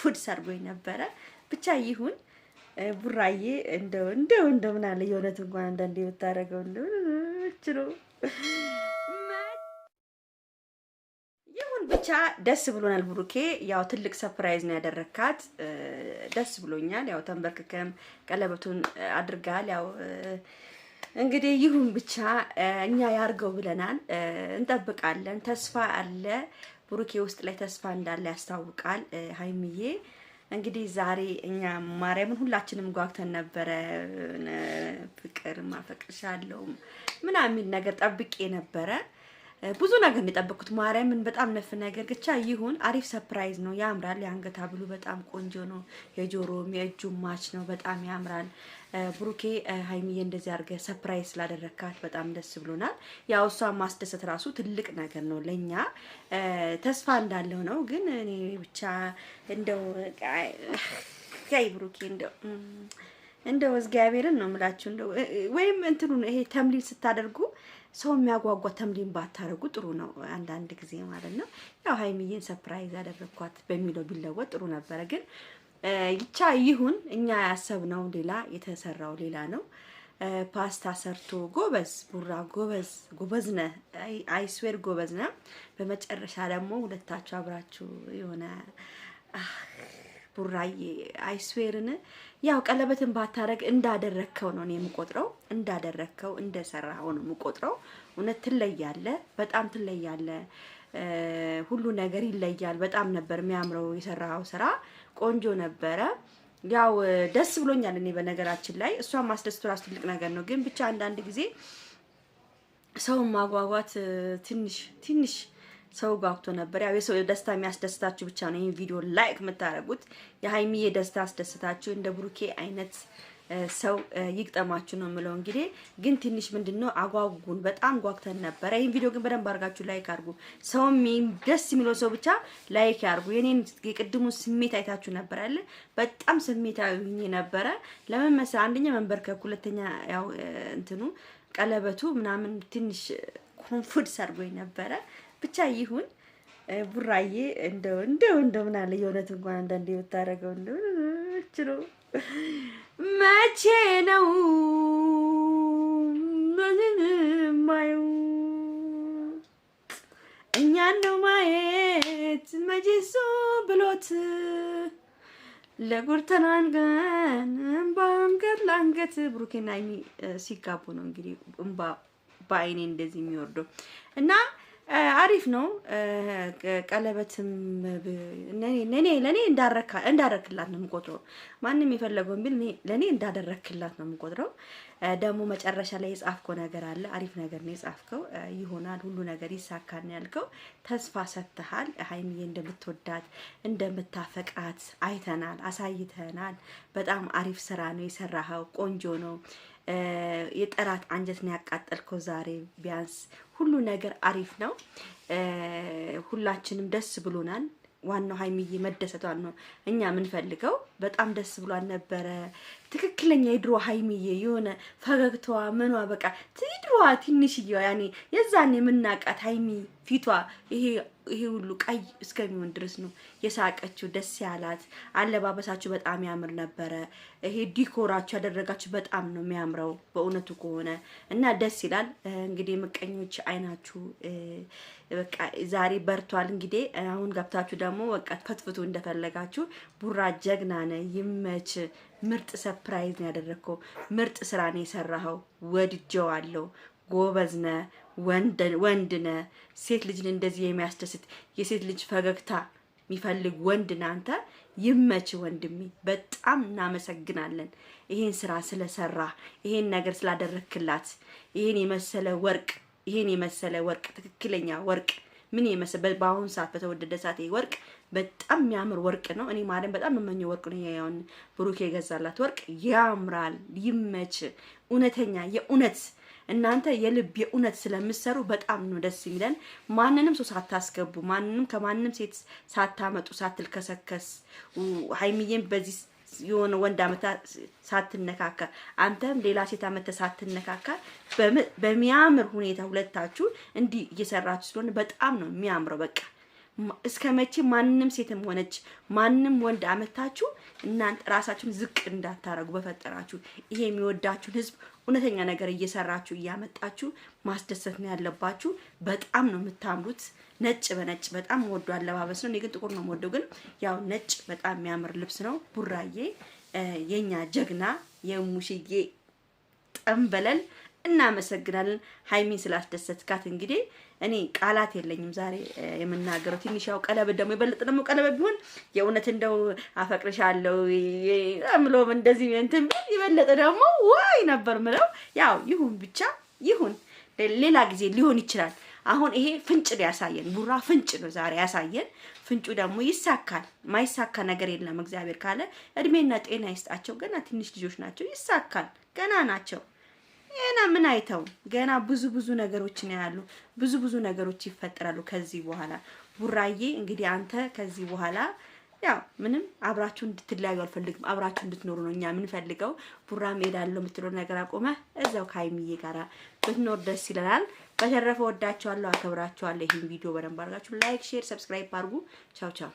ፉድ ሰርጎኝ ነበረ። ብቻ ይሁን ቡራዬ፣ እንደው እንደው እንደው ምን አለ የእውነት እንኳን አንዳንዴ የምታደርገው እንደው እችሎ ይሁን ብቻ ደስ ብሎናል። ብሩኬ ያው ትልቅ ሰፕራይዝ ነው ያደረካት፣ ደስ ብሎኛል። ያው ተንበርክከም ቀለበቱን አድርጋል። ያው እንግዲህ ይሁን ብቻ እኛ ያርገው ብለናል። እንጠብቃለን። ተስፋ አለ ብሩኬ ውስጥ ላይ ተስፋ እንዳለ ያስታውቃል። ሀይሚዬ እንግዲህ ዛሬ እኛ ማርያምን ሁላችንም ጓግተን ነበረ። ፍቅር ማፈቅርሻለሁ ምናምን ነገር ጠብቄ ነበረ። ብዙ ነገር የጠበቅኩት ማርያምን በጣም ነፍ ነገር ብቻ ይሁን። አሪፍ ሰፕራይዝ ነው፣ ያምራል። የአንገት ሀብሉ በጣም ቆንጆ ነው። የጆሮም የእጁ ማች ነው፣ በጣም ያምራል። ብሩኬ ሀይሚዬ እንደዚህ አድርገህ ሰፕራይዝ ስላደረካት በጣም ደስ ብሎናል። ያው እሷ ማስደሰት ራሱ ትልቅ ነገር ነው ለእኛ ተስፋ እንዳለው ነው። ግን እኔ ብቻ እንደው ይ ብሩኬ እንደው እንደው እግዚአብሔርን ነው የምላችሁ እንደው ወይም እንትኑ ይሄ ተምሊል ስታደርጉ ሰው የሚያጓጓ ተምሊን ባታደርጉ ጥሩ ነው። አንዳንድ ጊዜ ማለት ነው ያው ሀይሚዬን ሰፕራይዝ ያደረግኳት በሚለው ቢለወጥ ጥሩ ነበረ። ግን ይቻ ይሁን እኛ ያሰብነው ሌላ የተሰራው ሌላ ነው። ፓስታ ሰርቶ ጎበዝ ቡራ ጎበዝ ጎበዝ ነ አይስዌር ጎበዝ ነ። በመጨረሻ ደግሞ ሁለታችሁ አብራችሁ የሆነ ቡራዬ አይስዌርን ያው ቀለበትን ባታረግ እንዳደረግከው ነው የምቆጥረው፣ እንዳደረግከው እንደሰራኸው ነው የምቆጥረው። እውነት ትለያለ፣ በጣም ትለያለ። ሁሉ ነገር ይለያል። በጣም ነበር የሚያምረው የሰራኸው ስራ ቆንጆ ነበረ። ያው ደስ ብሎኛል። እኔ በነገራችን ላይ እሷን ማስደስቱ ራሱ ትልቅ ነገር ነው። ግን ብቻ አንዳንድ ጊዜ ሰውን ማጓጓት ትንሽ ትንሽ ሰው ጓጉቶ ነበር። ያው የሰው ደስታ የሚያስደስታችሁ ብቻ ነው ይህን ቪዲዮ ላይክ የምታደርጉት። የሀይሚዬ የደስታ አስደስታችሁ እንደ ብሩኬ አይነት ሰው ይግጠማችሁ ነው የምለው። እንግዲህ ግን ትንሽ ምንድን ነው አጓጉን፣ በጣም ጓጉተን ነበረ። ይህን ቪዲዮ ግን በደንብ አድርጋችሁ ላይክ አድርጉ። ሰው ደስ የሚለው ሰው ብቻ ላይክ ያርጉ። የኔን የቅድሙ ስሜት አይታችሁ ነበር አለ። በጣም ስሜታዊ ሆኜ ነበረ። ለምን መሰለህ? አንደኛ መንበርከክ፣ ሁለተኛ ያው እንትኑ ቀለበቱ ምናምን ትንሽ ኮንፉድ ሰርጎኝ ነበረ። ብቻ ይሁን። ቡራዬ እንደው እንደው እንደው ምን አለ የእውነት እንኳን አንዳንዴ የምታደርገው እንደው ነው። መቼ ነው ምንን ማየው እኛን ነው ማየት መቼሱ ብሎት ለጉርተናንገን እንባ አንገት ለአንገት ብሩኬና ሀይሚ ሲጋቡ ነው እንግዲህ እንባ በአይኔ እንደዚህ የሚወርደው እና አሪፍ ነው። ቀለበትም ለእኔ እንዳረክላት ነው የምቆጥረው። ማንም የፈለገውን ቢል ለእኔ እንዳደረክላት ነው የምቆጥረው። ደግሞ መጨረሻ ላይ የጻፍከው ነገር አለ። አሪፍ ነገር ነው የጻፍከው። ይሆናል፣ ሁሉ ነገር ይሳካን ያልከው ተስፋ ሰጥተሃል። ሀይሚዬ እንደምትወዳት እንደምታፈቃት አይተናል፣ አሳይተናል። በጣም አሪፍ ስራ ነው የሰራኸው። ቆንጆ ነው። የጠራት አንጀት ነው ያቃጠልከው ዛሬ። ቢያንስ ሁሉ ነገር አሪፍ ነው። ሁላችንም ደስ ብሎናል። ዋናው ሀይሚዬ መደሰቷን ነው እኛ የምንፈልገው። በጣም ደስ ብሏል ነበረ። ትክክለኛ የድሮ ሀይሚዬ የሆነ ፈገግታዋ ምኗ በቃ የድሮዋ ትንሽዬዋ ያኔ የዛን የምናቃት ሀይሚ ፊቷ ይሄ ይሄ ሁሉ ቀይ እስከሚሆን ድረስ ነው የሳቀችው። ደስ ያላት አለባበሳችሁ በጣም ያምር ነበረ። ይሄ ዲኮራችሁ ያደረጋችሁ በጣም ነው የሚያምረው በእውነቱ ከሆነ እና ደስ ይላል። እንግዲህ ምቀኞች አይናችሁ በቃ ዛሬ በርቷል። እንግዲህ አሁን ገብታችሁ ደግሞ በቃ ፈትፍቱ እንደፈለጋችሁ። ቡራ ጀግና ነ ይመች። ምርጥ ሰፕራይዝ ነው ያደረግከው። ምርጥ ስራ ነው የሰራኸው። ወድጀዋለሁ። ጎበዝነ ወንድነ ሴት ልጅን እንደዚህ የሚያስደስት የሴት ልጅ ፈገግታ የሚፈልግ ወንድ ናንተ ይመች ወንድሜ፣ በጣም እናመሰግናለን ይሄን ስራ ስለሰራ፣ ይሄን ነገር ስላደረክላት፣ ይሄን የመሰለ ወርቅ ይሄን የመሰለ ወርቅ ትክክለኛ ወርቅ ምን የመሰለ በአሁን ሰዓት በተወደደ ሰዓት ይሄ ወርቅ በጣም የሚያምር ወርቅ ነው። እኔ ማለም በጣም የምመኘው ወርቅ ነው። ያውን ብሩክ የገዛላት ወርቅ ያምራል። ይመች እውነተኛ የእውነት እናንተ የልብ የእውነት ስለምሰሩ በጣም ነው ደስ የሚለን። ማንንም ሰው ሳታስገቡ፣ ማንንም ከማንም ሴት ሳታመጡ፣ ሳትልከሰከስ ሀይሚዬም በዚህ የሆነ ወንድ አመታ ሳትነካካ አንተም ሌላ ሴት አመተ ሳትነካካ በሚያምር ሁኔታ ሁለታችሁ እንዲህ እየሰራችሁ ስለሆነ በጣም ነው የሚያምረው በቃ እስከ መቼ ማንም ሴትም ሆነች ማንም ወንድ አመታችሁ እናንተ ራሳችሁን ዝቅ እንዳታረጉ በፈጠራችሁ። ይሄ የሚወዳችሁን ህዝብ እውነተኛ ነገር እየሰራችሁ እያመጣችሁ ማስደሰት ነው ያለባችሁ። በጣም ነው የምታምሩት። ነጭ በነጭ በጣም ወዶ አለባበስ ነው። እኔ ግን ጥቁር ነው ወዶ፣ ግን ያው ነጭ በጣም የሚያምር ልብስ ነው። ቡራዬ የኛ ጀግና የሙሽዬ ጠንበለል እናመሰግናለን። ሀይሚን ስላስደሰትካት እንግዲህ እኔ ቃላት የለኝም ዛሬ የምናገረው። ትንሽ ያው ቀለበት ደግሞ የበለጠ ደግሞ ቀለበት ቢሆን የእውነት እንደው አፈቅርሻለሁ ምሎም እንደዚህ እንትን ቢል የበለጠ ደግሞ ዋይ ነበር ምለው። ያው ይሁን ብቻ ይሁን፣ ሌላ ጊዜ ሊሆን ይችላል። አሁን ይሄ ፍንጭ ነው ያሳየን፣ ቡራ ፍንጭ ነው ዛሬ ያሳየን። ፍንጩ ደግሞ ይሳካል። ማይሳካ ነገር የለም እግዚአብሔር ካለ እድሜና ጤና ይስጣቸው። ገና ትንሽ ልጆች ናቸው፣ ይሳካል። ገና ናቸው። ገና ምን አይተው ገና ብዙ ብዙ ነገሮችን ያሉ ብዙ ብዙ ነገሮች ይፈጠራሉ። ከዚህ በኋላ ቡራዬ እንግዲህ አንተ ከዚህ በኋላ ያው ምንም አብራችሁ እንድትለያዩ አልፈልግም። አብራችሁ እንድትኖሩ ነው እኛ የምንፈልገው። ቡራም እሄዳለሁ የምትለው ነገር አቆመ። እዛው ከሀይሚዬ ጋራ ብትኖር ደስ ይለናል። በተረፈ ወዳችኋለሁ፣ አከብራችኋለሁ። ይህን ቪዲዮ በደንብ አድርጋችሁ ላይክ፣ ሼር፣ ሰብስክራይብ አድርጉ። ቻው ቻው